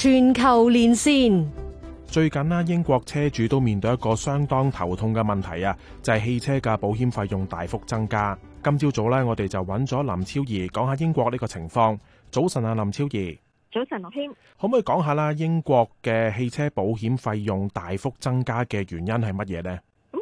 全球連線，最近呢英國車主都面對一個相當頭痛嘅問題啊，就係汽車嘅保險費用大幅增加。今朝早咧，我哋就揾咗林昭儀講下英國呢個情況。早晨啊，林昭儀，早晨，樂謙，可唔可以講下啦？英國嘅汽車保險費用大幅增加嘅原因係乜嘢呢？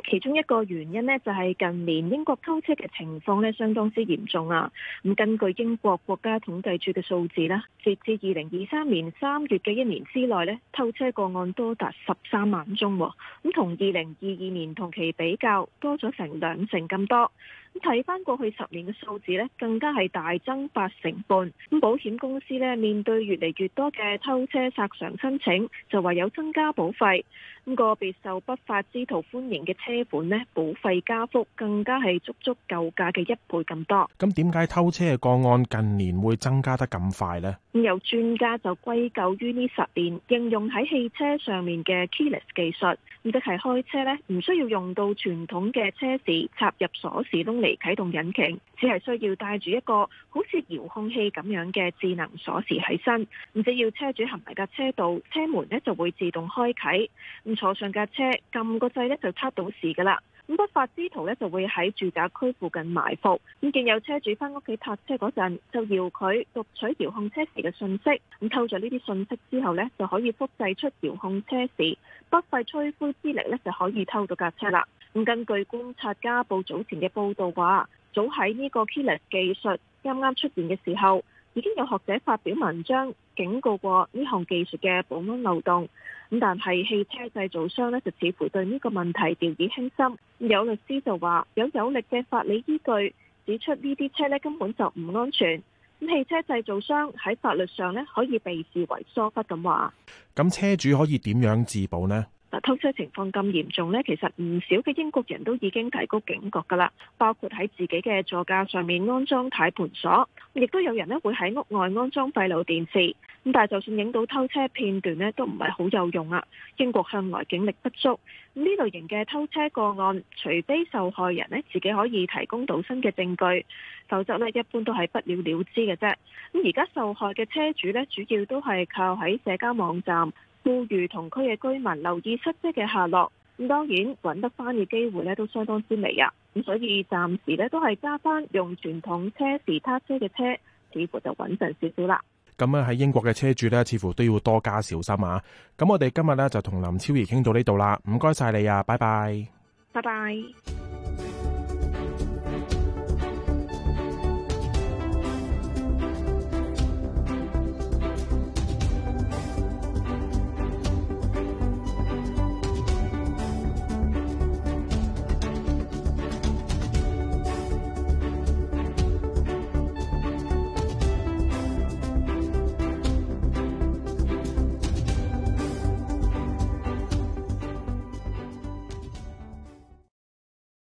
其中一個原因呢，就係近年英國偷車嘅情況呢相當之嚴重啊！咁根據英國國家統計處嘅數字呢，截至二零二三年三月嘅一年之內呢，偷車個案多達十三萬宗，咁同二零二二年同期比較多咗成兩成咁多。咁睇返過去十年嘅數字呢，更加係大增八成半。咁保險公司呢，面對越嚟越多嘅偷車索償申請，就唯有增加保費。咁個別受不法之徒歡迎嘅車呢本呢，保費加幅更加係足足舊價嘅一倍咁多。咁點解偷車嘅個案近年會增加得咁快呢？有專家就歸咎於呢十年應用喺汽車上面嘅 keyless 技術，咁即係開車呢唔需要用到傳統嘅車匙插入鎖匙窿嚟啟動引擎，只係需要帶住一個好似遙控器咁樣嘅智能鎖匙喺身，唔只要車主行埋架車度，車門呢就會自動開啟。咁坐上架車，撳個掣呢就 t 到。嘅啦，咁不法之徒呢，就會喺住宅區附近埋伏，咁見有車主返屋企泊車嗰陣，就遙距讀取遙控車匙嘅信息，咁偷咗呢啲信息之後呢，就可以複製出遙控車匙，不費吹灰之力呢，就可以偷到架車啦。咁根據觀察家報早前嘅報道話，早喺呢個 Keyless 技術啱啱出現嘅時候，已經有學者發表文章警告過呢項技術嘅保安漏洞，咁但係汽車製造商呢就似乎對呢個問題掉以輕心。有律師就話有有力嘅法理依據指出呢啲車呢根本就唔安全，咁汽車製造商喺法律上呢可以被視為疏忽說。咁話，咁車主可以點樣自保呢？偷車情況咁嚴重呢，其實唔少嘅英國人都已經提高警覺㗎啦，包括喺自己嘅座駕上面安裝軚盤鎖，亦都有人咧會喺屋外安裝閉路電視。咁但係就算影到偷車片段呢，都唔係好有用啊。英國向來警力不足，呢類型嘅偷車個案，除非受害人呢自己可以提供到新嘅證據，否則呢一般都係不了了之嘅啫。咁而家受害嘅車主呢，主要都係靠喺社交網站，富裕同區嘅居民留意失車嘅下落，咁當然揾得翻嘅機會咧都相當之微啊！咁所以暫時咧都係揸返用傳統車匙撻車嘅車，似乎就穩陣少少啦。咁啊喺英國嘅車主咧，似乎都要多加小心啊！咁我哋今日咧就同林昭儀傾到呢度啦，唔該晒你啊，拜拜，拜拜。